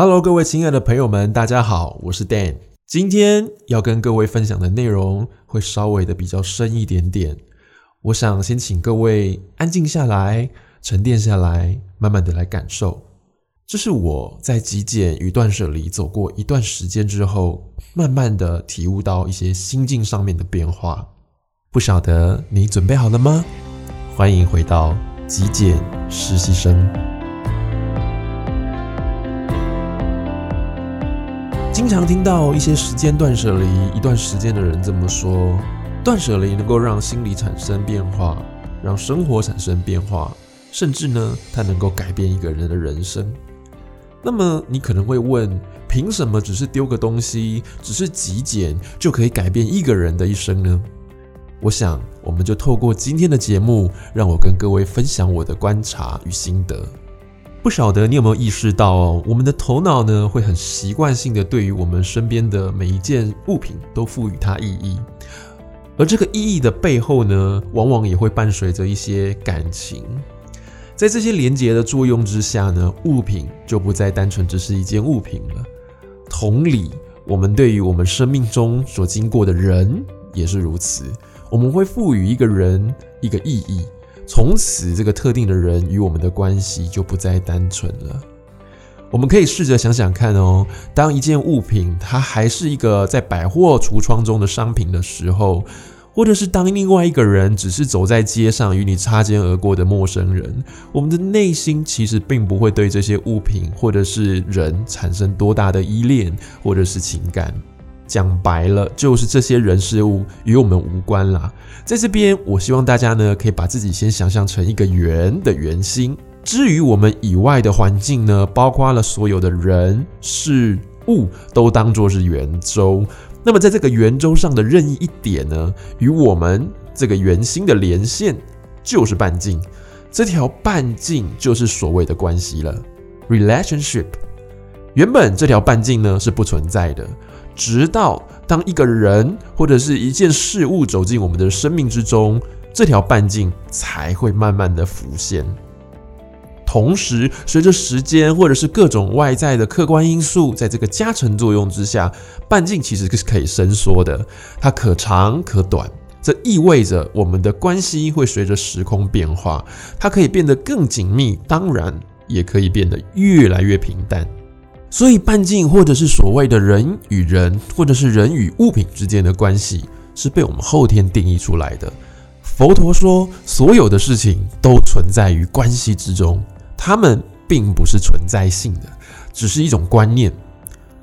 Hello，各位親愛的朋友們，大家好，我是 Dan。今天要跟各位分享的內容會稍微的比較深一點點。我想先請各位安靜下來，沉澱下來，慢慢的來感受。這是我在極簡與斷捨離走過一段時間之後，慢慢的體悟到一些心境上面的變化。不曉得你準備好了嗎？歡迎回到極簡實習生。經常聽到一些時間斷捨離一段時間的人這麼說，斷捨離能夠讓心理產生變化，讓生活產生變化，甚至呢，它能夠改變一個人的人生。那麼你可能會問，憑什麼只是丟個東西，只是極簡就可以改變一個人的一生呢？我想，我們就透過今天的節目，讓我跟各位分享我的觀察與心得。不曉得你有沒有意識到哦，我們的頭腦呢，會很習慣性的對於我們身邊的每一件物品都賦予它意義，而這個意義的背後呢，往往也會伴隨着一些感情。在這些連接的作用之下呢，物品就不再單純只是一件物品了。同理，我們對於我們生命中所經過的人也是如此，我們會賦予一個人一個意義。從此，這個特定的人與我們的關係就不再單純了。我們可以試着想想看哦，當一件物品它還是一個在百貨櫥窗中的商品的時候，或者是當另外一個人只是走在街上與你擦肩而過的陌生人，我們的內心其實並不會對這些物品或者是人產生多大的依戀或者是情感。講白了，就是這些人事物與我們無關啦。在這邊，我希望大家呢，可以把自己先想象成一個圓的圓心。至於我們以外的環境呢，包括了所有的人事物，都當作是圓周。那麼，在這個圓周上的任意一點呢，與我們這個圓心的連線就是半徑。這條半徑就是所謂的關係了，relationship。原本這條半徑呢是不存在的。直到當一個人或者是一件事物走進我們的生命之中，這條半徑才會慢慢的浮現。同時，隨着時間或者是各種外在的客觀因素，在這個加乘作用之下，半徑其實是可以伸縮的，它可長可短。這意味着我們的關係會隨着時空變化，它可以變得更緊密，當然也可以變得越來越平淡。所以，半徑或者是所謂的人與人，或者是人與物品之間的關係，是被我們後天定義出來的。佛陀說，所有的事情都存在於關係之中，它們並不是存在性的，只是一種觀念。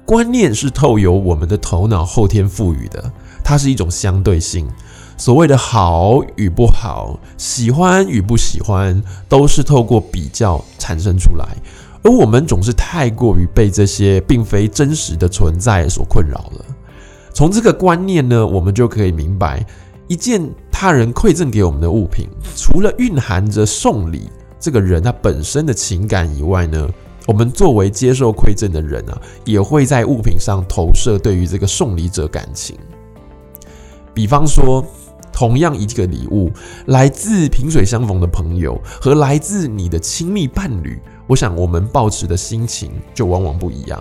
觀念是透由我們的頭腦後天賦予的，它是一種相對性。所謂的好與不好，喜歡與不喜歡，都是透過比較產生出來。而我們總是太過於被這些並非真實的存在所困擾了。從這個觀念呢，我們就可以明白，一件他人饋贈給我們的物品，除了蘊含着送禮這個人他本身的情感以外呢，我們作為接受饋贈的人啊，也會在物品上投射對於這個送禮者感情。比方說。同樣一個禮物，來自萍水相逢的朋友和來自你的親密伴侶，我想我們抱持的心情就往往不一樣。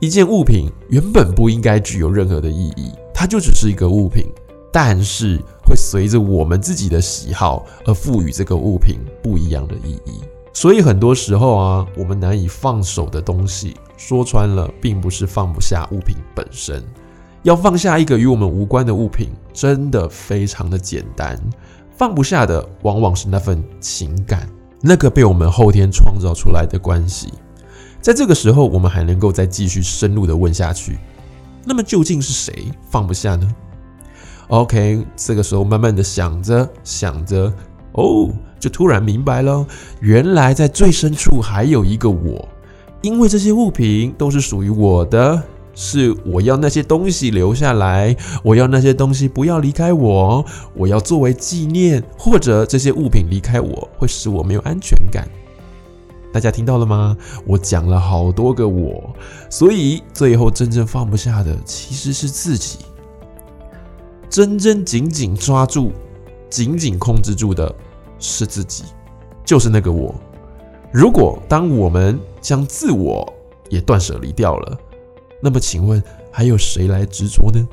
一件物品原本不應該具有任何的意義，它就只是一個物品，但是會隨着我們自己的喜好而賦予這個物品不一樣的意義。所以很多時候啊，我們難以放手的東西，說穿了，並不是放不下物品本身。要放下一個與我們無關的物品，真的非常的簡單。放不下的往往是那份情感，那個被我們後天創造出來的關係。在這個時候，我們還能夠再繼續深入的問下去，那麼究竟是誰放不下呢？OK，這個時候慢慢的想着想着，哦，就突然明白了，原來在最深處還有一個我，因為這些物品都是屬於我的。是我要那些東西留下來，我要那些東西不要離開我，我要作為紀念，或者這些物品離開我會使我沒有安全感。大家聽到了嗎？我講了好多個“我”，所以最後真正放不下的其實是自己，真真緊緊抓住、緊緊控制住的是自己，就是那個我。如果當我們將自我也斷捨離掉了，那麼，請問還有誰來執着呢？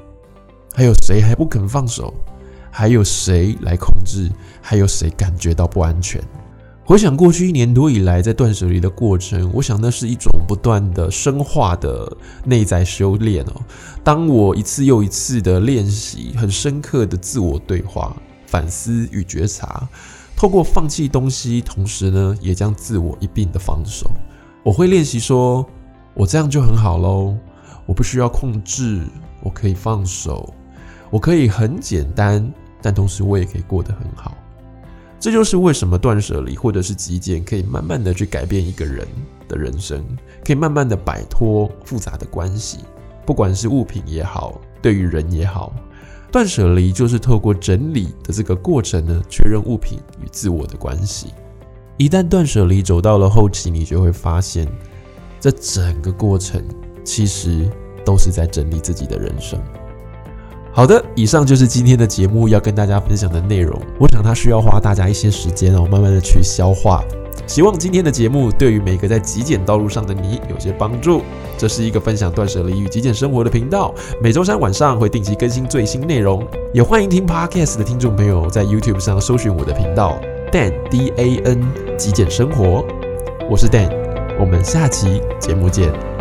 還有誰還不肯放手？還有誰來控制？還有誰感覺到不安全？回想過去一年多以來在斷捨離的過程，我想那是一種不斷的深化的內在修煉哦。當我一次又一次的練習，很深刻的自我對話、反思與覺察，透過放棄東西，同時呢，也將自我一併的放手。我會練習說：“我這樣就很好嘍。”我不需要控制，我可以放手，我可以很簡單，但同時我也可以過得很好。這就是為什麼斷捨離或者是極簡可以慢慢的去改變一個人的人生，可以慢慢的擺脫複雜的關係，不管是物品也好，對於人也好，斷捨離就是透過整理的這個過程呢，確認物品與自我的關係。一旦斷捨離走到了後期，你就會發現這整個過程，其實都是在整理自己的人生。好的，以上就是今天的節目要跟大家分享的內容。我想它需要花大家一些時間、哦，我慢慢的去消化。希望今天的節目對於每個在極簡道路上的你有些幫助。這是一個分享斷捨離與極簡生活的頻道，每周三晚上會定期更新最新內容，也歡迎聽 Podcast 的聽眾朋友在 YouTube 上搜尋我的頻道 Dan D A N 極簡生活。我是 Dan，我們下期節目見。